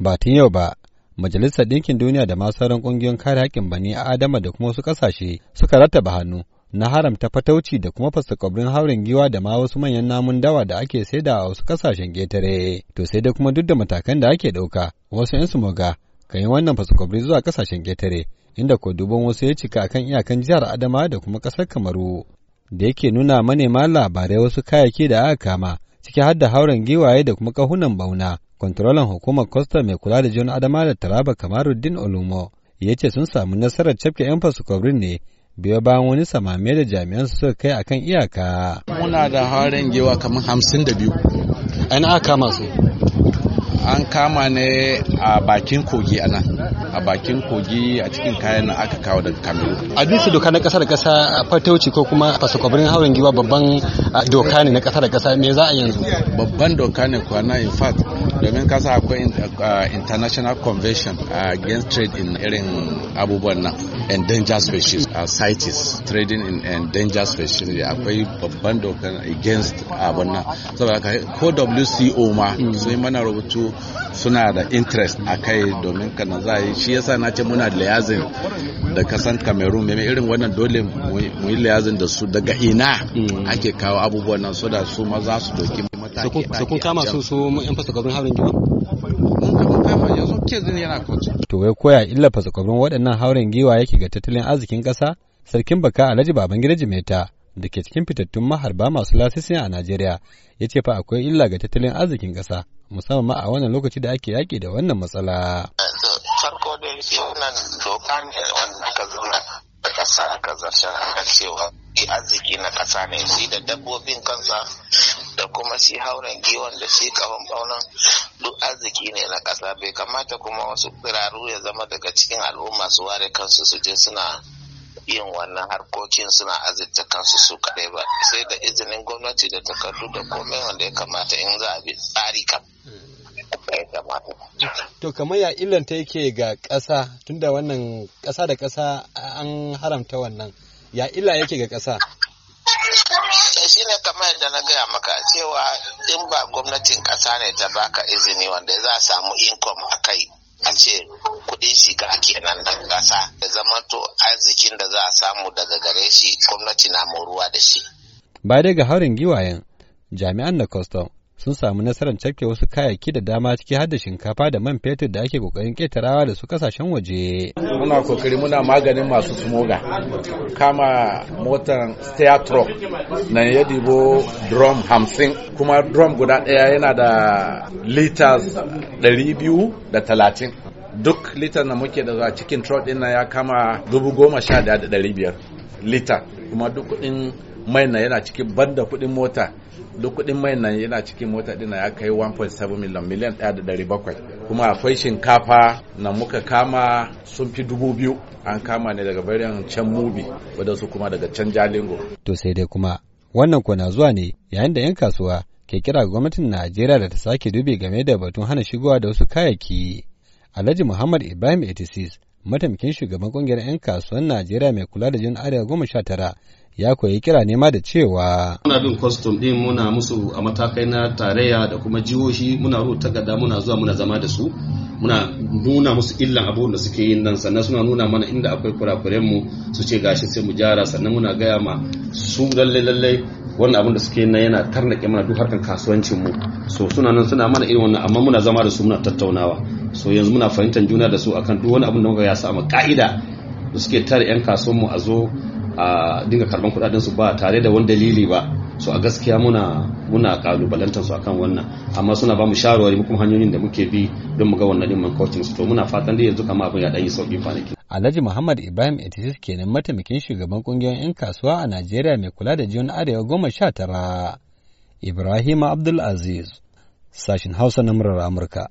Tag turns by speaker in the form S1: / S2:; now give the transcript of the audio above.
S1: ba tun yau ba majalisar ɗinkin duniya da masu sauran ƙungiyoyin kare haƙƙin bani a adama da kuma wasu ƙasashe suka rattaba hannu na haramta fatauci da kuma fasakwabrin haurin giwa da ma wasu manyan namun dawa da ake saida a wasu ƙasashen ƙetare to sai dai kuma duk da matakan da ake ɗauka wasu 'yansu moga kan yi wannan kwabri zuwa ƙasashen ƙetare inda ko duban wasu ya cika kan iyakan jihar adama da kuma ƙasar kamaru da yake nuna manema labarai wasu kayayyaki da aka kama ciki har da hauren giwaye da kuma kahunan bauna Kwantarolan hukumar Costa mai kula da John Adama da Taraba Kamaruddin Olumo ya ce sun samu nasarar cafke 'yan fasikobrin ne biyo bayan wani samame da jami'an su suka kai akan iyaka. Muna da
S2: harin gewa kamar hamsin da biyu, an aka masu. an kama ne a bakin kogi a nan a bakin kogi a cikin kayan da aka kawo daga kamilu
S1: a bisa doka na kasa da kasa fatauci ko kuma fasakwabrin hauren giwa babban doka ne
S2: na kasa da kasa me za a yanzu babban doka ne kuwa na in fact domin kasa akwai international convention against trade in irin abubuwan nan endangered species CITES trading in endangered species akwai babban doka against abun nan saboda ko WCO ma hmm. sai mana rubutu su suna da interest a kai domin ka na za yi shi yasa na ce muna liyazin da kasan cameroon mai irin wannan dole mu yi liyazin da su daga ina mm. ake kawo abubuwan nan su da su maza su doki mataki kun kama su su yan fasakarin harin giwa mun kama yanzu kezin yana kotu
S1: to ya koya illa fasakwabin waɗannan hauren giwa yake ga tattalin arzikin ƙasa sarkin baka alhaji babangida jimeta da ke cikin fitattun maharba masu lasisi a Najeriya ya ce fa akwai illa ga tattalin arzikin ƙasa musamman ma a wannan lokaci da ake yaƙi da wannan matsala.
S3: Farko dai sunan doka ne wanda aka da ƙasa aka aka arziki na ƙasa ne shi da dabbobin kansa da kuma shi hauren giwon da shi kawon ɓaunan duk arziki ne na ƙasa bai kamata kuma wasu tsiraru ya zama daga cikin al'umma su ware kansu su je suna yin wannan harkokin suna azurta kansu su kaɗai ba sai da izinin gwamnati da takardu da komai wanda ya kamata in za a bi tsari kam
S1: to kamar ya illanta yake ga ƙasa tunda wannan ƙasa da ƙasa an haramta wannan ya illa yake ga ƙasa
S3: shi ne kamar yadda na gaya maka cewa in ba gwamnatin ƙasa ne ta baka izini wanda za a samu income a kai a ce kudin shiga kenan nan ƙasa da zama to arzikin da za a samu daga gare shi gwamnati na moruwa da shi.
S1: Ba dai ga haurin giwayen jami'an na kwastam sun samu nasarar cafke wasu kayayyaki da dama ciki har da shinkafa da man fetur da ake kokarin ketarawa da su kasashen waje.
S2: Muna kokari muna maganin masu smoga kama motar steer na ya dibo drum hamsin kuma drum guda ɗaya yana da liters ɗari biyu da talatin. duk litar na muke da cikin trot ɗin ya kama dubu goma sha da ɗari biyar lita kuma duk kuɗin mai na yana cikin banda kuɗin mota duk kuɗin mai na yana cikin mota ɗin ya kai 1.7 million miliyan ɗaya da ɗari bakwai kuma akwai shinkafa na muka kama sun fi dubu biyu an kama ne daga bayan can mubi wadansu kuma daga can jalingo
S1: to sai dai kuma wannan ko na zuwa ne yayin da 'yan kasuwa ke kira gwamnatin Najeriya da ta sake dubi game da batun hana shigowa da wasu kayayyaki Alhaji Muhammad Ibrahim etisis mataimakin shugaban kungiyar 'yan kasuwan Najeriya mai kula da jin arewa goma sha tara ya koyi kira nema da cewa
S4: muna bin kwastom din muna musu a matakai na tarayya da kuma jihohi muna ta gada muna zuwa muna zama da su muna nuna musu illan abubuwan da suke yin nan sannan suna nuna mana inda akwai kurakuren mu su ce gashi sai mu jara sannan muna gaya ma su lalle lalle wannan abin da suke nan yana tarnake mana duk harkan kasuwancin mu so suna nan suna mana irin wannan amma muna zama da su muna tattaunawa so yanzu muna fahimtar juna da su akan duk wani abin da muka ya samu ka'ida da suke tare yan kasuwan mu a zo a dinga karban kudaden su ba tare da wani dalili ba so a gaskiya muna muna kalubalantar su akan wannan amma suna ba mu shawarwari mu hanyoyin da muke bi don mu ga wannan din man coaching su to muna fatan dai yanzu kama abin ya dan yi sauki kwanaki Alhaji Muhammad Ibrahim ke kenan
S1: mataimakin shugaban kungiyar 'yan kasuwa a Najeriya mai kula da jiyon Arewa goma sha tara. Ibrahim Abdulaziz, sashin Hausa na murar Amurka.